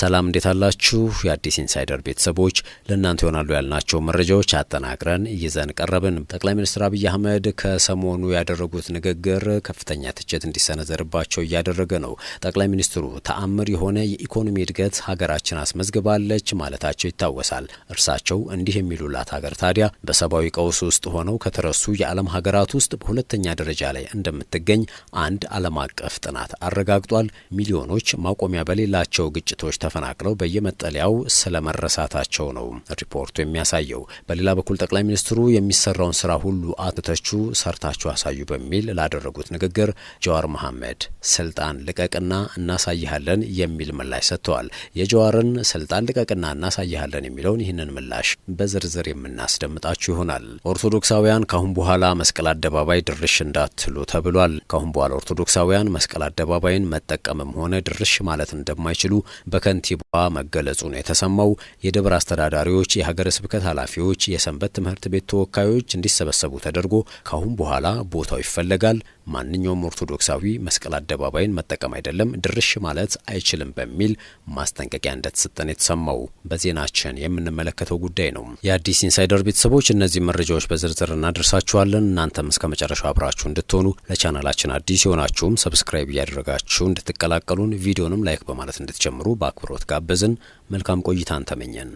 ሰላም፣ እንዴት አላችሁ? የአዲስ ኢንሳይደር ቤተሰቦች ለእናንተ ይሆናሉ ያልናቸው መረጃዎች አጠናቅረን ይዘን ቀረብን። ጠቅላይ ሚኒስትር አብይ አህመድ ከሰሞኑ ያደረጉት ንግግር ከፍተኛ ትችት እንዲሰነዘርባቸው እያደረገ ነው። ጠቅላይ ሚኒስትሩ ተአምር የሆነ የኢኮኖሚ እድገት ሀገራችን አስመዝግባለች ማለታቸው ይታወሳል። እርሳቸው እንዲህ የሚሉላት ሀገር ታዲያ በሰብአዊ ቀውስ ውስጥ ሆነው ከተረሱ የዓለም ሀገራት ውስጥ በሁለተኛ ደረጃ ላይ እንደምትገኝ አንድ ዓለም አቀፍ ጥናት አረጋግጧል። ሚሊዮኖች ማቆሚያ በሌላቸው ግጭቶች ተፈናቅለው በየመጠለያው ስለመረሳታቸው ነው ሪፖርቱ የሚያሳየው። በሌላ በኩል ጠቅላይ ሚኒስትሩ የሚሰራውን ስራ ሁሉ አትተቹ፣ ሰርታችሁ አሳዩ በሚል ላደረጉት ንግግር ጀዋር መሐመድ ስልጣን ልቀቅና እናሳይሃለን የሚል ምላሽ ሰጥተዋል። የጀዋርን ስልጣን ልቀቅና እናሳይሃለን የሚለውን ይህንን ምላሽ በዝርዝር የምናስደምጣችሁ ይሆናል። ኦርቶዶክሳውያን ካሁን በኋላ መስቀል አደባባይ ድርሽ እንዳትሉ ተብሏል። ካሁን በኋላ ኦርቶዶክሳውያን መስቀል አደባባይን መጠቀምም ሆነ ድርሽ ማለት እንደማይችሉ በከን ከንቲባዋ መገለጹ ነው የተሰማው። የደብር አስተዳዳሪዎች፣ የሀገረ ስብከት ኃላፊዎች፣ የሰንበት ትምህርት ቤት ተወካዮች እንዲሰበሰቡ ተደርጎ ካሁን በኋላ ቦታው ይፈለጋል ማንኛውም ኦርቶዶክሳዊ መስቀል አደባባይን መጠቀም አይደለም ድርሽ ማለት አይችልም በሚል ማስጠንቀቂያ እንደተሰጠን የተሰማው በዜናችን የምንመለከተው ጉዳይ ነው። የአዲስ ኢንሳይደር ቤተሰቦች እነዚህ መረጃዎች በዝርዝር እናደርሳችኋለን። እናንተም እስከ መጨረሻው አብራችሁ እንድትሆኑ ለቻናላችን አዲስ የሆናችሁም ሰብስክራይብ እያደረጋችሁ እንድትቀላቀሉን ቪዲዮንም ላይክ በማለት እንድትጀምሩ በአክብሮት ጋበዝን። መልካም ቆይታን ተመኘን።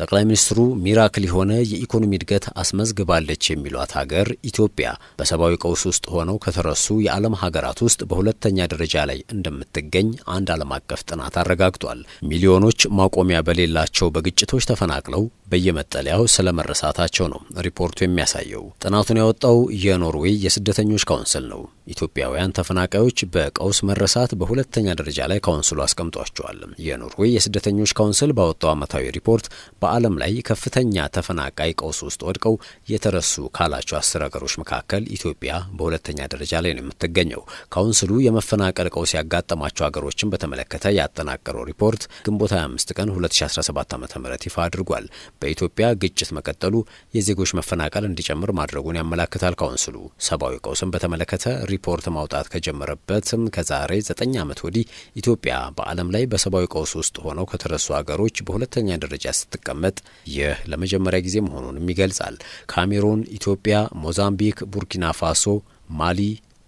ጠቅላይ ሚኒስትሩ ሚራክል የሆነ የኢኮኖሚ እድገት አስመዝግባለች የሚሏት ሀገር ኢትዮጵያ በሰብአዊ ቀውስ ውስጥ ሆነው ከተረሱ የዓለም ሀገራት ውስጥ በሁለተኛ ደረጃ ላይ እንደምትገኝ አንድ ዓለም አቀፍ ጥናት አረጋግጧል። ሚሊዮኖች ማቆሚያ በሌላቸው በግጭቶች ተፈናቅለው በየመጠለያው ስለ መረሳታቸው ነው ሪፖርቱ የሚያሳየው። ጥናቱን ያወጣው የኖርዌይ የስደተኞች ካውንስል ነው። ኢትዮጵያውያን ተፈናቃዮች በቀውስ መረሳት በሁለተኛ ደረጃ ላይ ካውንስሉ አስቀምጧቸዋል። የኖርዌይ የስደተኞች ካውንስል ባወጣው ዓመታዊ ሪፖርት በዓለም ላይ ከፍተኛ ተፈናቃይ ቀውስ ውስጥ ወድቀው የተረሱ ካላቸው አስር ሀገሮች መካከል ኢትዮጵያ በሁለተኛ ደረጃ ላይ ነው የምትገኘው። ካውንስሉ የመፈናቀል ቀውስ ያጋጠማቸው ሀገሮችን በተመለከተ ያጠናቀረው ሪፖርት ግንቦት 25 ቀን 2017 ዓ ም ይፋ አድርጓል። በኢትዮጵያ ግጭት መቀጠሉ የዜጎች መፈናቀል እንዲጨምር ማድረጉን ያመላክታል። ካውንስሉ ሰብአዊ ቀውስን በተመለከተ ሪፖርት ማውጣት ከጀመረበትም ከዛሬ 9 ዓመት ወዲህ ኢትዮጵያ በዓለም ላይ በሰብአዊ ቀውስ ውስጥ ሆነው ከተረሱ ሀገሮች በሁለተኛ ደረጃ ስትቀመ ሲቀመጥ ይህ ለመጀመሪያ ጊዜ መሆኑንም ይገልጻል። ካሜሩን፣ ኢትዮጵያ፣ ሞዛምቢክ፣ ቡርኪና ፋሶ፣ ማሊ፣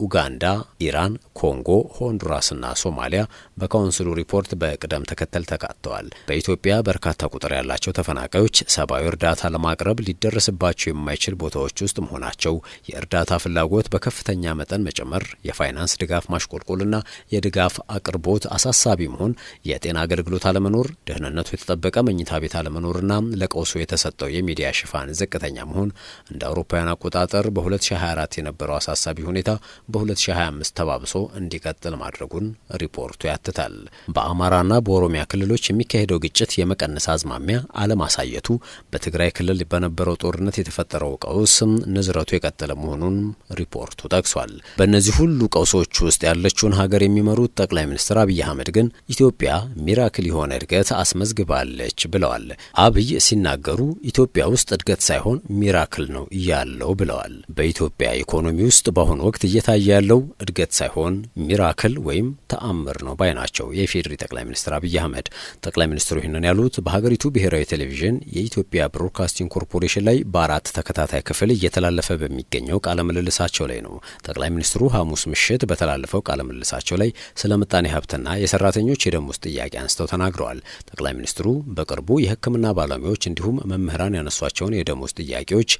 ኡጋንዳ፣ ኢራን፣ ኮንጎ፣ ሆንዱራስና ሶማሊያ በካውንስሉ ሪፖርት በቅደም ተከተል ተካተዋል። በኢትዮጵያ በርካታ ቁጥር ያላቸው ተፈናቃዮች ሰብአዊ እርዳታ ለማቅረብ ሊደረስባቸው የማይችል ቦታዎች ውስጥ መሆናቸው፣ የእርዳታ ፍላጎት በከፍተኛ መጠን መጨመር፣ የፋይናንስ ድጋፍ ማሽቆልቆልና የድጋፍ አቅርቦት አሳሳቢ መሆን፣ የጤና አገልግሎት አለመኖር፣ ደህንነቱ የተጠበቀ መኝታ ቤት አለመኖርና ለቀውሱ የተሰጠው የሚዲያ ሽፋን ዝቅተኛ መሆን እንደ አውሮፓውያን አቆጣጠር በ2024 የነበረው አሳሳቢ ሁኔታ በ2025 ተባብሶ እንዲቀጥል ማድረጉን ሪፖርቱ ያትታል። በአማራና በኦሮሚያ ክልሎች የሚካሄደው ግጭት የመቀነስ አዝማሚያ አለማሳየቱ በትግራይ ክልል በነበረው ጦርነት የተፈጠረው ቀውስም ንዝረቱ የቀጠለ መሆኑን ሪፖርቱ ጠቅሷል። በእነዚህ ሁሉ ቀውሶች ውስጥ ያለችውን ሀገር የሚመሩት ጠቅላይ ሚኒስትር አብይ አህመድ ግን ኢትዮጵያ ሚራክል የሆነ እድገት አስመዝግባለች ብለዋል። አብይ ሲናገሩ ኢትዮጵያ ውስጥ እድገት ሳይሆን ሚራክል ነው እያለው ብለዋል። በኢትዮጵያ ኢኮኖሚ ውስጥ በአሁኑ ወቅት እየታ ላይ ያለው እድገት ሳይሆን ሚራክል ወይም ተአምር ነው ባይ ናቸው የኢፌዴሪ ጠቅላይ ሚኒስትር አብይ አህመድ። ጠቅላይ ሚኒስትሩ ይህንን ያሉት በሀገሪቱ ብሔራዊ ቴሌቪዥን የኢትዮጵያ ብሮድካስቲንግ ኮርፖሬሽን ላይ በአራት ተከታታይ ክፍል እየተላለፈ በሚገኘው ቃለ ምልልሳቸው ላይ ነው። ጠቅላይ ሚኒስትሩ ሐሙስ ምሽት በተላለፈው ቃለ ምልልሳቸው ላይ ስለ ምጣኔ ሀብትና የሰራተኞች የደሞዝ ጥያቄ አንስተው ተናግረዋል። ጠቅላይ ሚኒስትሩ በቅርቡ የሕክምና ባለሙያዎች እንዲሁም መምህራን ያነሷቸውን የደሞዝ ጥያቄዎች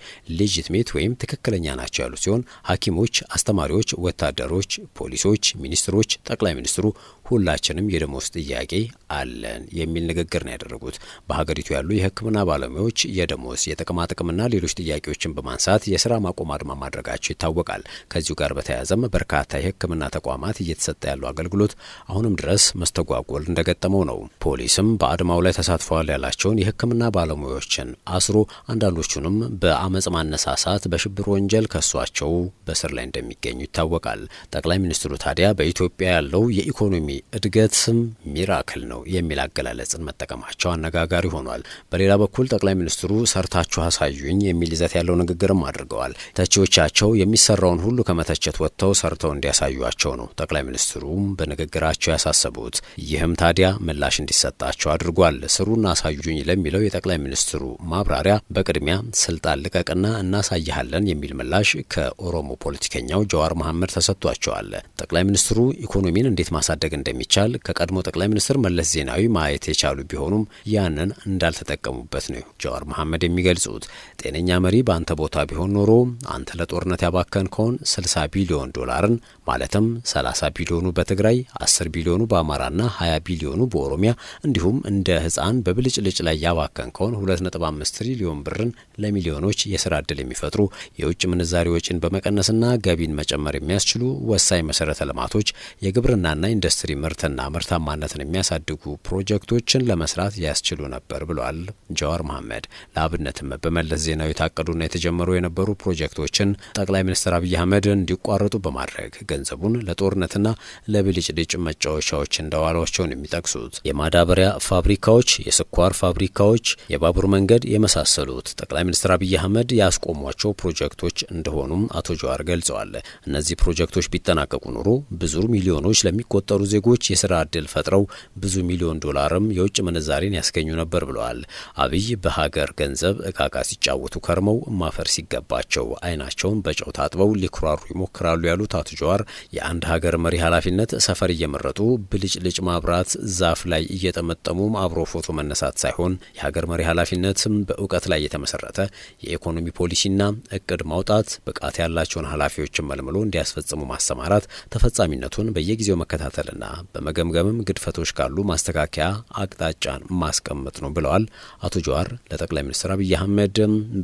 ሌጂትሜት ወይም ትክክለኛ ናቸው ያሉ ሲሆን ሐኪሞች፣ አስተማሪዎች ወታደሮች፣ ፖሊሶች፣ ሚኒስትሮች፣ ጠቅላይ ሚኒስትሩ ሁላችንም የደሞዝ ጥያቄ አለን የሚል ንግግር ነው ያደረጉት። በሀገሪቱ ያሉ የሕክምና ባለሙያዎች የደሞዝ የጥቅማጥቅምና ሌሎች ጥያቄዎችን በማንሳት የስራ ማቆም አድማ ማድረጋቸው ይታወቃል። ከዚሁ ጋር በተያያዘም በርካታ የሕክምና ተቋማት እየተሰጠ ያለው አገልግሎት አሁንም ድረስ መስተጓጎል እንደገጠመው ነው። ፖሊስም በአድማው ላይ ተሳትፈዋል ያላቸውን የሕክምና ባለሙያዎችን አስሮ አንዳንዶቹንም በአመፅ ማነሳሳት በሽብር ወንጀል ከሷቸው በስር ላይ እንደሚገኙ ይታወቃል። ጠቅላይ ሚኒስትሩ ታዲያ በኢትዮጵያ ያለው የኢኮኖሚ እድገት ስም ሚራክል ነው የሚል አገላለጽን መጠቀማቸው አነጋጋሪ ሆኗል። በሌላ በኩል ጠቅላይ ሚኒስትሩ ሰርታችሁ አሳዩኝ የሚል ይዘት ያለው ንግግርም አድርገዋል። ተቺዎቻቸው የሚሰራውን ሁሉ ከመተቸት ወጥተው ሰርተው እንዲያሳዩቸው ነው ጠቅላይ ሚኒስትሩም በንግግራቸው ያሳሰቡት። ይህም ታዲያ ምላሽ እንዲሰጣቸው አድርጓል። ስሩና አሳዩኝ ለሚለው የጠቅላይ ሚኒስትሩ ማብራሪያ በቅድሚያ ስልጣን ልቀቅና እናሳይሃለን የሚል ምላሽ ከኦሮሞ ፖለቲከኛው ጀዋር መሐመድ ተሰጥቷቸዋል። ጠቅላይ ሚኒስትሩ ኢኮኖሚን እንዴት ማሳደግ እንደሚቻል ከቀድሞ ጠቅላይ ሚኒስትር መለስ ዜናዊ ማየት የቻሉ ቢሆኑም ያንን እንዳልተጠቀሙበት ነው ጀዋር መሐመድ የሚገልጹት። ጤነኛ መሪ በአንተ ቦታ ቢሆን ኖሮ አንተ ለጦርነት ያባከን ከሆን 60 ቢሊዮን ዶላርን ማለትም 30 ቢሊዮኑ በትግራይ 10 ቢሊዮኑ በአማራና 20 ቢሊዮኑ በኦሮሚያ እንዲሁም እንደ ህፃን በብልጭልጭ ላይ ያባከን ከሆን 2.5 ትሪሊዮን ብርን ለሚሊዮኖች የስራ ዕድል የሚፈጥሩ የውጭ ምንዛሪ ወጪን በመቀነስና ገቢን መጨመር የሚያስችሉ ወሳኝ መሰረተ ልማቶች፣ የግብርናና ኢንዱስትሪ ምርትና ምርታማነትን የሚያሳድጉ ፕሮጀክቶችን ለመስራት ያስችሉ ነበር ብሏል ጀዋር መሐመድ። ለአብነትም በመለስ ዜናዊ የታቀዱና የተጀመሩ የነበሩ ፕሮጀክቶችን ጠቅላይ ሚኒስትር አብይ አህመድ እንዲቋረጡ በማድረግ ገንዘቡን ለጦርነትና ለብልጭልጭ መጫወቻዎች እንደዋሏቸውን የሚጠቅሱት የማዳበሪያ ፋብሪካዎች፣ የስኳር ፋብሪካዎች፣ የባቡር መንገድ የመሳሰሉት ጠቅላይ ሚኒስትር አብይ አህመድ ያስቆሟቸው ፕሮጀክቶች እንደሆኑም አቶ ጀዋር ገልጸዋል። እነዚህ ፕሮጀክቶች ቢጠናቀቁ ኑሮ ብዙ ሚሊዮኖች ለሚቆጠሩ ዜጎች የስራ እድል ፈጥረው ብዙ ሚሊዮን ዶላርም የውጭ ምንዛሬን ያስገኙ ነበር ብለዋል። አብይ በሀገር ገንዘብ እቃቃ ሲጫወቱ ከርመው ማፈር ሲገባቸው አይናቸውን በጨው ታጥበው ሊኩራሩ ይሞክራሉ ያሉት አቶ ጀዋር የአንድ ሀገር መሪ ኃላፊነት ሰፈር እየመረጡ ብልጭልጭ ማብራት፣ ዛፍ ላይ እየጠመጠሙም አብሮ ፎቶ መነሳት ሳይሆን የሀገር መሪ ኃላፊነትም በእውቀት ላይ የተመሰረተ የኢኮኖሚ ፖሊሲና እቅድ ማውጣት፣ ብቃት ያላቸውን ኃላፊዎችን መልምሎ እንዲያስፈጽሙ ማሰማራት፣ ተፈጻሚነቱን በየጊዜው መከታተልና በመገምገምም ግድፈቶች ካሉ ማስተካከያ አቅጣጫን ማስቀመጥ ነው ብለዋል አቶ ጀዋር ለጠቅላይ ሚኒስትር አብይ አህመድ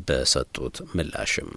በሰጡት ምላሽም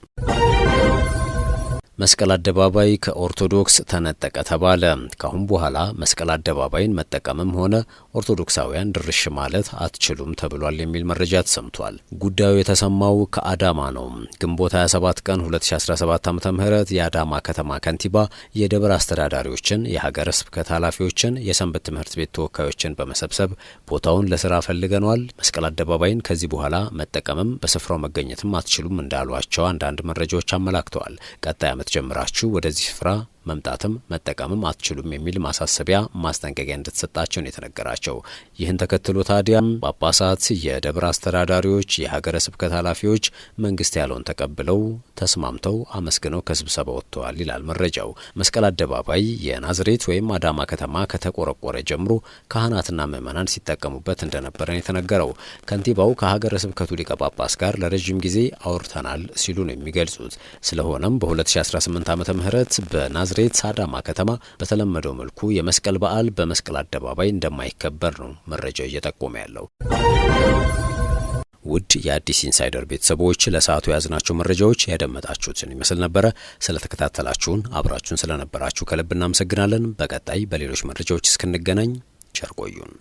መስቀል አደባባይ ከኦርቶዶክስ ተነጠቀ ተባለ። ካሁን በኋላ መስቀል አደባባይን መጠቀምም ሆነ ኦርቶዶክሳውያን ድርሽ ማለት አትችሉም ተብሏል የሚል መረጃ ተሰምቷል። ጉዳዩ የተሰማው ከአዳማ ነው። ግንቦት 27 ቀን 2017 ዓ ም የአዳማ ከተማ ከንቲባ የደብር አስተዳዳሪዎችን፣ የሀገረ ስብከት ኃላፊዎችን፣ የሰንበት ትምህርት ቤት ተወካዮችን በመሰብሰብ ቦታውን ለስራ ፈልገኗል፣ መስቀል አደባባይን ከዚህ በኋላ መጠቀምም በስፍራው መገኘትም አትችሉም እንዳሏቸው አንዳንድ መረጃዎች አመላክተዋል። ቀጣይ መመልከት ጀምራችሁ ወደዚህ ስፍራ መምጣትም መጠቀምም አትችሉም የሚል ማሳሰቢያ ማስጠንቀቂያ እንደተሰጣቸው ነው የተነገራቸው። ይህን ተከትሎ ታዲያም ጳጳሳት፣ የደብረ አስተዳዳሪዎች፣ የሀገረ ስብከት ኃላፊዎች መንግስት ያለውን ተቀብለው ተስማምተው አመስግነው ከስብሰባ ወጥተዋል ይላል መረጃው። መስቀል አደባባይ የናዝሬት ወይም አዳማ ከተማ ከተቆረቆረ ጀምሮ ካህናትና ምዕመናን ሲጠቀሙበት እንደነበረ ነው የተነገረው። ከንቲባው ከሀገረ ስብከቱ ሊቀ ጳጳስ ጋር ለረዥም ጊዜ አውርተናል ሲሉ ነው የሚገልጹት። ስለሆነም በ2018 ዓ ም በናዝ ናዝሬት ሳዳማ ከተማ በተለመደው መልኩ የመስቀል በዓል በመስቀል አደባባይ እንደማይከበር ነው መረጃው እየጠቆመ ያለው። ውድ የአዲስ ኢንሳይደር ቤተሰቦች ለሰዓቱ የያዝናቸው መረጃዎች ያደመጣችሁትን ይመስል ነበረ። ስለተከታተላችሁን አብራችሁን ስለነበራችሁ ከልብ እናመሰግናለን። በቀጣይ በሌሎች መረጃዎች እስክንገናኝ ቸር ቆዩን።